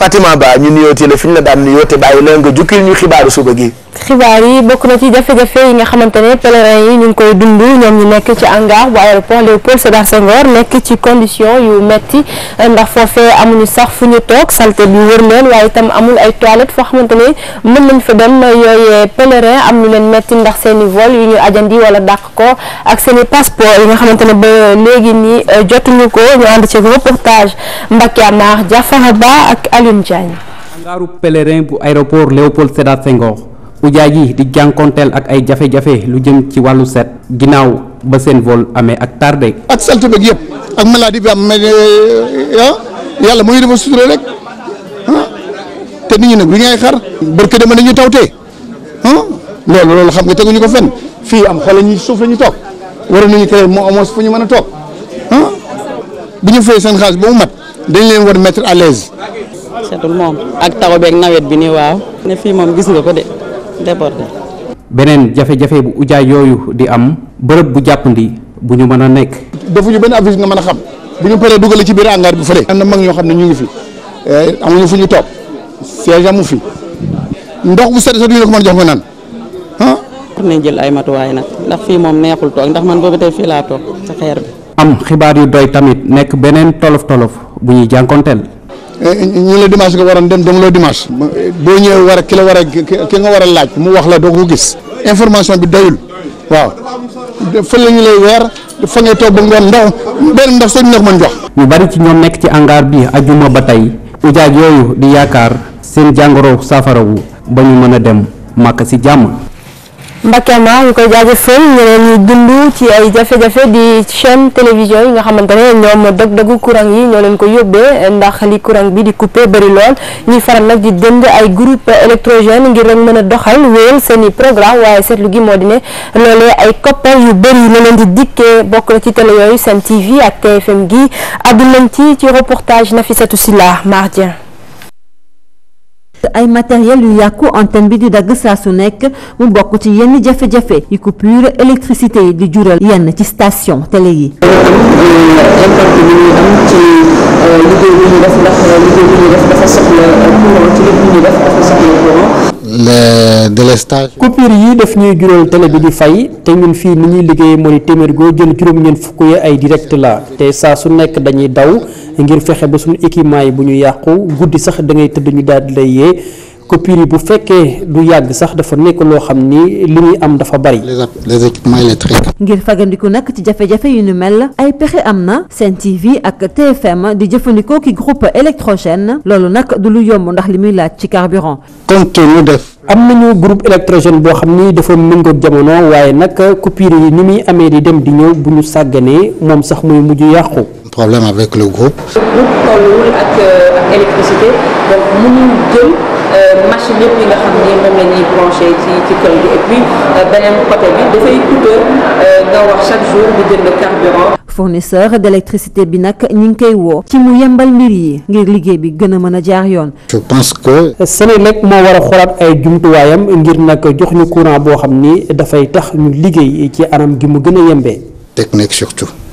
Fatima Ba ñu nuyooti la fi daan nuyoo te bàyyi nga jukkil ñu xibaaru suba gi. xibaar yi bokk na ci jafe-jafe yi nga xamante ne pèlerins yi ñu ngi koy dund ñoom ñu nekk ci hangar bu aéroport Léopold Sédar Senghor nekk ci condition yu metti ndax foofee amuñu sax fu ñu toog salte bi wër leen waaye amul ay toilettes foo xamante ne mën nañ fa dem am ñu leen metti ndax seeni vol yu ñu ajandi ko ak seeni passeport yi nga xamante ne ba léegi nii euh, jotuñu ko ñu ànd ci reportage Mbacké Amar Diafara Ba ak Alioune Diagne. hangaru pèlerin bu aéroport Léopold Sédar Senghor ujaaj yi di jànkonteel ak ay jafe-jafe lu jëm ci wàllu set ginnaaw ba seen vol amee ak tardé. ak salte beeg yëpp ak maladie bi am mais eh, ah, yàlla mooy dafa sutura rek ah. te nit ñi nag lu ngay xar barke dama nañu tawtee ah. xam nga teguñu ko fenn am xoolal ñi suuf ñu toog waroon nañu créer moo ñu mën a toog bu ñu fay seen xaalis mat dañ leen war mettre à l'aise setul moom ak taw beeg nawet bi nii waaw. ne fii moom gis nga ko de. débordé. beneen jafe-jafe bu ujaay yooyu di am bërëb bu jàppandi bu ñu mën a nekk. defuñu benn avis nga mën a xam bu ñu paree dugale ci biir hangar bi fële. am na mag ñoo xam ne ñu ngi fi eh, am fu ñu toog siège amu fi ndox bu set sa duñu ko nañ jël ay matuwaay nag ndax fii moom neexul toog ndax man boobu tey fii laa toog sa xeer bi. am xibaar yu doy tamit nekk beneen tolof tolof bu ñuy jànkonteel. Eh, ñu la dimanche nga waroon dem dem loo dimanche boo ñëwee war a ki la wara ki nga war laaj mu wax la doo ko gis information bi doyul waaw fa la ñu lay weer fa ngay toog ba ngoon ndax benn ndax soo ñu mën jox. ñu bari ci ñoom nekk ci angaar bi ajuma ba tey ujaaj yooyu di yaakaar seen jàngoro saafarawu ba ñu mën a dem màkk si jàmm. Mbakema ñu koy jaajëfal ñeneen ñi dund ci ay jafe-jafe di chaîne télévision yi nga xamante ne ñoom dëgg-dëggu courant yi ñoo leen ko yóbbee ndax li courant bi di coupé bëri lool ñuy faral nag di dënd ay groupe électrogène ngir rek mën a doxal wéyal seen i programme waaye seetlu gi moo di ne loolee ay koppar yu bëri la leen di dikkee bokk na ci télé yooyu seen TV ak TFM gi àddu nañ ci ci reportage Nafisatou Silla Mardien ay matériel yu yàqu antenne bi di dagg saa su nekk mu bokk ci yenn jafe-jafe yi coupure électricité yi di jural yenn ci stasion télé yi. le délestage. coupure yi def ñuy jural tele bi di fay te ñun fii ni ñuy liggéeyee moo di téeméer goo jël juróom-ñeent fukk yi ay direct la te saa su nekk dañuy daw ngir fexe ba suñu équipement yi bu ñu yàqu guddi sax da ngay tëdd ñu daal di lay yee. coupure yi bu fekkee du yàgg sax dafa nekk loo xam ni li muy am dafa bari. les équipements électriques. ngir fagandiku nag ci jafe-jafe yu nu mel ay pexe am na Sen TV ak TFM di jëfandikoo ki groupe électrogène loolu nag du lu yomb ndax li muy laaj ci carburant. compte ñu def. am nañu groupe électrogène boo xam ni dafa méngoog jamono waaye nag coupure yi ni muy amee di dem di ñëw bu ñu sàgganee moom sax muy mujj yàqu. problème avec le groupe. groupe Euh, machine yëpp kër euh, bi dafay coûteux nga nag ñu koy woo ci mu yembal mbir yi ngir liggéey bi gëna a mën a jaar yoon. je pense que. Senelec moo war a ay jumtuwaayam ngir nag jox ñu courant boo xam ni dafay tax ñu liggéey ci anam gi mu gën a yembee. technique surtout.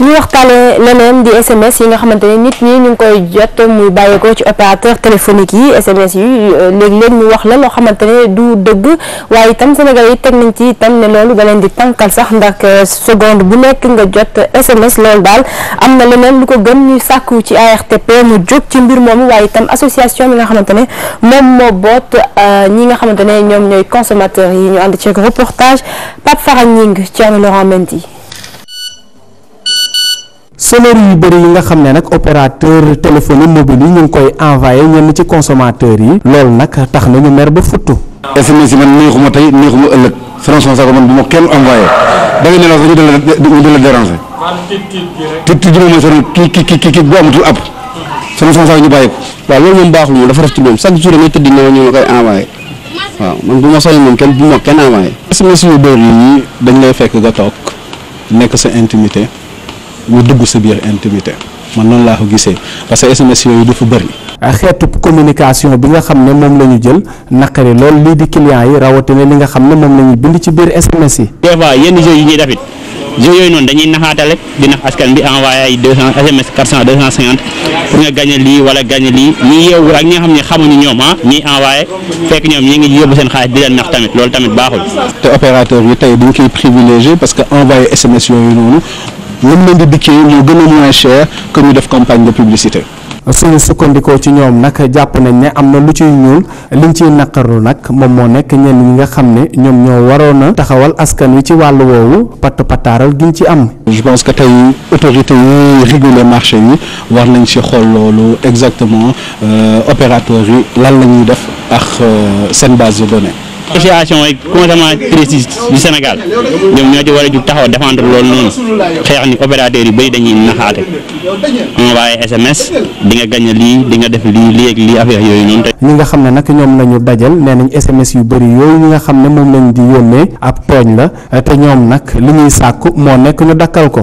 ñu waxtaanee leneen di SMS yi nga xamante ne nit ñi ñu ngi koy jot muy bàyyeekoo ci opérateur téléphonique yi SMS yi euh, léeg-léeg ñu wax la loo xamante ne du dëgg waaye itam Sénégal yi teg nañ ci itam ne loolu da leen di tànkal sax ndax euh, seconde bu nekk nga jot SMS loolu daal am na leneen lu ko gën ñuy sàkku ci ARTP mu jóg ci mbir moomu waaye itam association bi nga xamante ne moom moo boot euh, ñi nga xamante ne ñoom ñooy consommateurs yi ñu ànd ci reportage Pape Faran Ñing Thierno Laurent Mendy sonnerie yu bëri yi nga xam ne nag opérateur téléphonie mobile yi ñu ngi koy envoyé ñenn ci consommateur yi loolu nag tax na ñu mer ba futtu SMS yi man neexuma tey neexuma ëllëg franchement sax man bu ma kenn envoyé da nga nelaw sax ñu dala dérangé tit tit ji moom mooy sonal kii kii kii kii bu amatul app franchement sax ñu bàyyi ko waaw loolu moom baaxul moom dafa raf ci moom chaque jour damay tëddi nelaw ñu ma koy envoyé waaw man bu ma soññ moom kenn bu ma kenn envoyé SMS yu bëri yi dañ lay fekk nga toog nekk sa intimité mu dugg sa biir intimité man noonu laa ko gisee parce que SMS yooyu dafa bëri. Ah, xeetu communication bi nga xam ne moom la ñu jël naqari lool lii di clients yi rawatina li nga xam ne moom la bind ci biir SMS yi. des fois yenn jeux yi ñuy def yooyu noonu dañuy naxaatale di nax askan bi envoyé ay deux cent SMS quatre cent deux cent cinquante pour nga gagné lii wala gagné lii ñi yeewu ak ñi nga xam ne xamuñu ñoom ah envoyé fekk ñoom ñi ngi yóbbu seen xaalis di leen nax tamit loolu tamit baaxul. que envoyé li mu di dikkee moo gën a moins cher ñu def campagne de publicité. suñu sukkandikoo ci ñoom nag jàpp nañ ne am na lu ciy ñuul liñ ciy naqarlu nag moom moo nekk ñenn ñi nga xam ne ñoom ñoo waroon a taxawal askan wi ci wàllu woowu patt pataaral giñ ci am. je pense que tey autorités yi réguler marché yi war nañ ci xool loolu exactement euh, opérateurs yi lan la ñuy def ak euh, seen base de données. association yi consommatrices du Sénégal ñoom ñoo ci war a jug taxaw défendre loolu noonu xeex ni opérateurs yu bëri dañuy naxaate envoyé SMS di nga gañ lii di nga def lii lii lii affaire yooyu noonu te ñi nga xam ne nag ñoom la ñu dajal nee nañ SMS yu bëri yooyu ñi nga xam ne moom lañ di yónnee ab tooñ la te ñoom nag li ñuy sàkk moo nekk ñu dakkal ko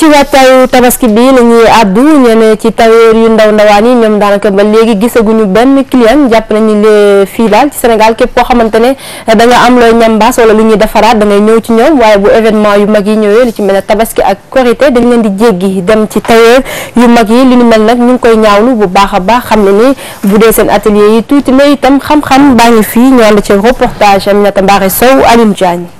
ci waajtaayu tabaski bii la ñuy àddu ñenn ci tailleur yu ndaw ndawaan yi ñoom daanaka ba léegi gisaguñu benn client jàpp nañu ne fii daal ci Sénégal képp koo xamante ne da am looy ñambaas wala lu ñuy defaraat da ñëw ci ñoom waaye bu événement yu mag yi ñëwee lu ci mel ne tabaski ak korité dañ leen di jéggi dem ci tailleur yu mag yi li ñu mel nag ñu ngi koy ñaawlu bu baax a baax xam ne ni bu dee seen atelier yi tuuti na itam xam-xam baa ngi fii ñu ànd ci reportage Aminata Mbaare Sow Alioune Diagne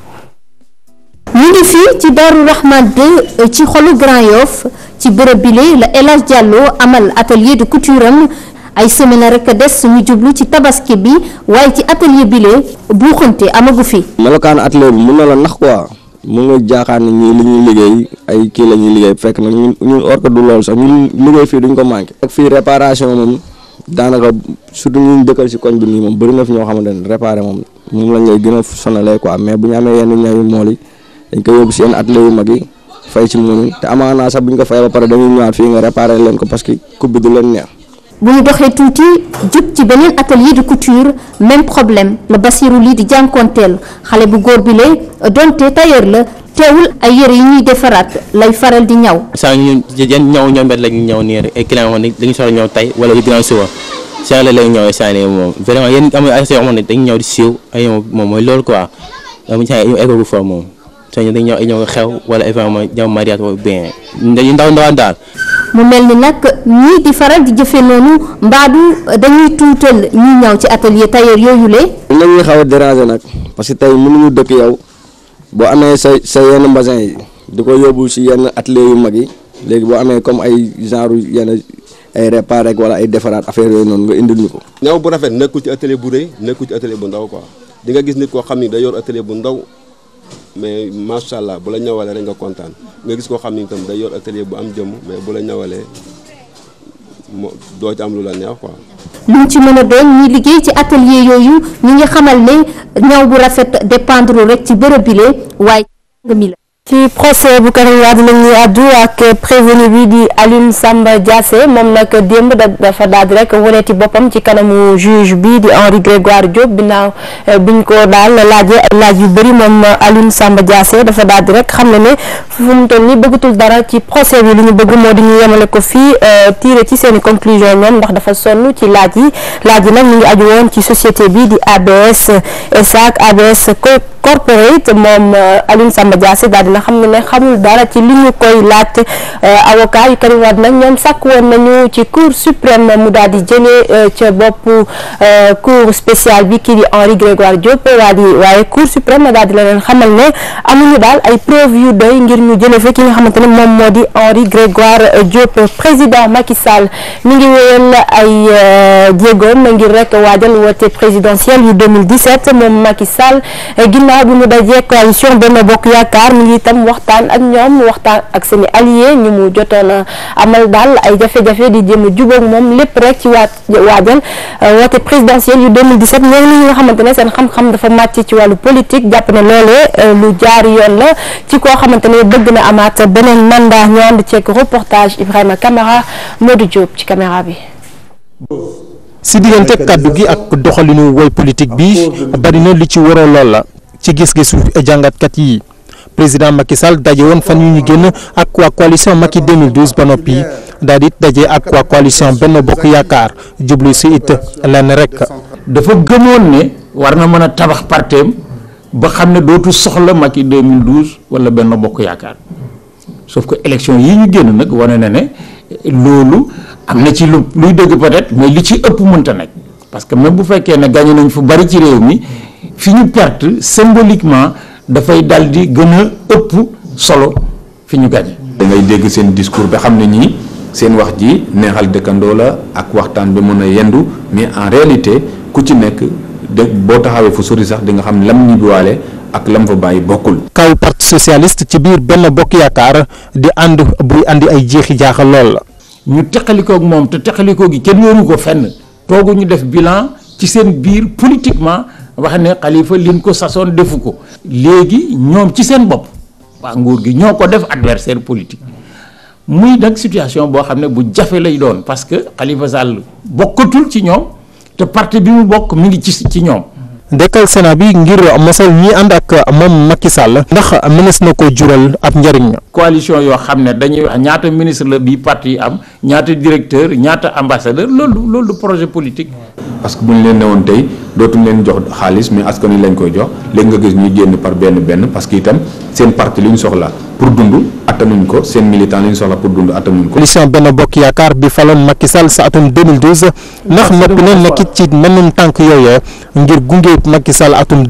ñu ngi fii ci Darou Rahman 2 euh, ci xolu Grand Yoff ci bërëb bile la El Hadj Diallo amal atelier de couture am ay semaine rek a des ñu jublu ci tabaski bi waaye ci atelier bile buuxante amagu fi. melokaanu atelier bi mun na la nax quoi mun nga jaaxaan ne ñii li ñuy liggéey ay kii la ñuy liggéey fekk nag ñun ñun or du loolu sax ñun liggéey fii duñ ko manqué. ak fii réparation moom daanaka surtout ñun dëkkal si koñ bi nii moom bëri fi ñoo xamante ne réparé moom lañ lay gën a sonalee mais bu ñu amee yenn yi. dañ koy yóbbu si yenn atelier yu mag yi fay si mënu te amaana sax bu ñu ko fayee ba pare dañuy ñëwaat fii nga réparé leen ko parce que coupe leen neex. bu ñu doxee tuuti jub ci beneen atelier de couture même problème la Basiru lii di jànkoonteel xale bu góor bi la donte tailleur la teewul ay yére yi ñuy defaraat lay faral di ñaw. saa ñu yan ñaw ñoom it la ñuy ñaw nii rek ay client yi dañu soxla ñëw tey wala ginnaaw suba saa la lay ñëwee saa ne moom vraiment yéen am na ay mooy loolu quoi amuñu saa yoo xam moom. soo ñëwee dañuy ñëw ay ñëw xew wala événement ñëw mariage wala bien dañuy ndaw ndawaan daal. mu mel ni nag ñii di faral di jëfe noonu mbaadu dañuy tuutal ñi ñaw ci atelier tailleur yooyu le. la ñuy xaw a déranger nag parce que tey mënuñu dëkk yow boo amee sa sa yenn mbasin yi di ko yóbbu si yenn atelier yu mag yi léegi boo amee comme ay genre yenn ay réparé rek wala ay defaraat affaire yooyu noonu nga indi ñu ko. ñaw bu rafet nekkul ci atelier bu rëy nekkul ci atelier bu ndaw quoi di nga gis nit koo xam ni da yor atelier bu ndaw. mais macha allah bu la ñawalee rek nga kontaan nga gis koo xam ni itam day yor atelier bu am jëmm mais bu la ñawalee moo doo am lu la neex quoi. lu ci mën a doon ñi liggéey ci atelier yooyu ñu ngi xamal ne ñaw bu rafet dépendre rek ci bërëb bi waaye nga mi ci procès bu Karim Wade la ñuy àddu ak prévenu bi di Alioune Samba Diassé moom nag démb dafa daal di rek waneeti boppam ci kanamu juge bi di Henri Grégoire Diop binaaw eh, biñ ko daal laajee ay laaj yu bëri moom Alioune Samba Diassé dafa daal di rek xam ne ne fu mu toll dara ci procès bi li ñu di ñu yemale ko fii eh, tiré ci seen i conclusion ndax dafa sonn ci laaj yi laaj nag mu ngi aju woon ci société bi di ABS SAC ABS corporate moom eh, Alioune Samba Diassé daal na xam ne xamul dara ci li ñu koy laaj euh, avocat yu Karim Wade nag ñoom sàkk woon nañu ci cour suprême mu daal di jëlee euh, ca euh, cour spéciale bi kii di Henri Grégoire Diop waa di waaye cour suprême daal di la leen xamal ne amuñu daal ay preuve yu doy ngir ñu jëlee fa ki nga xamante ne moom moo di Henri Grégoire Diop président Macky Sall mi ngi wéyal ay jéegoom ngir rek waajal woote présidentielle yu 2017 moom Macky Sall ginnaaw bi mu dajee coalition Benno Bokk Yaakaar itam waxtaan ak ñoom waxtaan ak seen i alliés ñu mu jotoon amal daal ay jafe-jafe di jéem a moom lépp rek ci waat waajal euh, woote présidentielle yu 2017 ñooñu ñi nga xamante ne seen xam-xam dafa màcc ci wàllu politique jàpp ne loolee euh, lu jaar yoon la ci koo xamante ne bëgg na amaat beneen mandat ñu ànd ceeg reportage Ibrahima Camara Modou Diop ci caméra bi. si diggante kàddu gi ak doxalinu woy politique bi bari na li ci waroo lool la ci gis-gisu jàngatkat yi président Macky Sall daje woon fan yu ñu génn ak waa coalition Macky 2012 ba noppi daal di daje ak waa coalition Benno Bokk Yaakaar jubli si it lenn rek. dafa gëmoon ne war na mën a tabax parteem ba xam ne dootu soxla Macky 2012 wala Benno Bokk Yaakaar sauf ko élection yi ñu génn nag wane na ne loolu am na ci lu luy dëgg peut-être mais li ci ëpp mënta nekk parce que même bu fekkee ne gagné nañ fu bari ci réew mi fi ñu perte symboliquement. dafay dal di gën ëpp solo fi ñu gañe da ngay dégg seen discours ba xam ne ñii seen wax ji neexal dëkkandoo la ak waxtaan bi mën a yendu mais en réalité ku ci nekk de boo taxawee fu sori sax di nga xam lam ñibbiwaale ak lam fa bàyyi bokkul. kaw parti socialiste ci biir benn bokk yaakaar di ànd buy andi ay jeexi jaaxal lool. ñu teqalikoog moom te teqalikoo gi kenn waru ko fenn toogu ñu def bilan ci seen biir politiquement. wax ne xalifa liñ ko soon defu ko léegi ñoom ci seen bopp waa nguur gi ñoo ko def adversaire politique muy nag situation boo xam ne bu jafe lay doon parce que xalifa Sall bokkatul ci ñoom te parti bi mu bokk mi ngi ci ci ñoom dekkal sena bi ngir mosal ñi ànd ak moom makki Sall ndax mënees na ko jural ab njëriñ coalition yoo xam ne dañuy wax ñaata ministre la bi parti am ñaata directeur ñaata ambassadeur loolu loolu projet politique parce que bu ñu leen newoon tey dootuñ leen jox xaalis mais askan wi lañ koy jox léegi nga gis ñuy génn par benn benn parce que itam seen parti li ñu soxla pour dund attanuñ ko seen militan li ñu soxla pour dund attanuñ ko. coalition Benno Bokk Yaakaar bi faloon Macky Sall sa atum 2012 ndax noppi na nekkit ci mënum tànk yooyu ngir gunge Macky Sall atum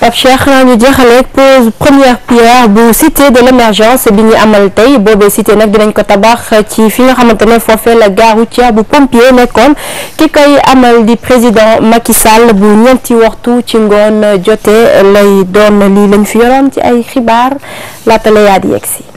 Pape Cheikh ñu jeexaleeg pose première pierre bu cité de l' émergence bi ñu amal tey boobee cité nag dinañ ko tabax ci fi nga xamante ne foofee la gare routière bu pompier nekkoon ki koy amal di président Macky Sall bu ñeenti waxtu ci ngoon jotee lay doon lii lañ fi yoroon ci ay xibaar laata la yaat yegg si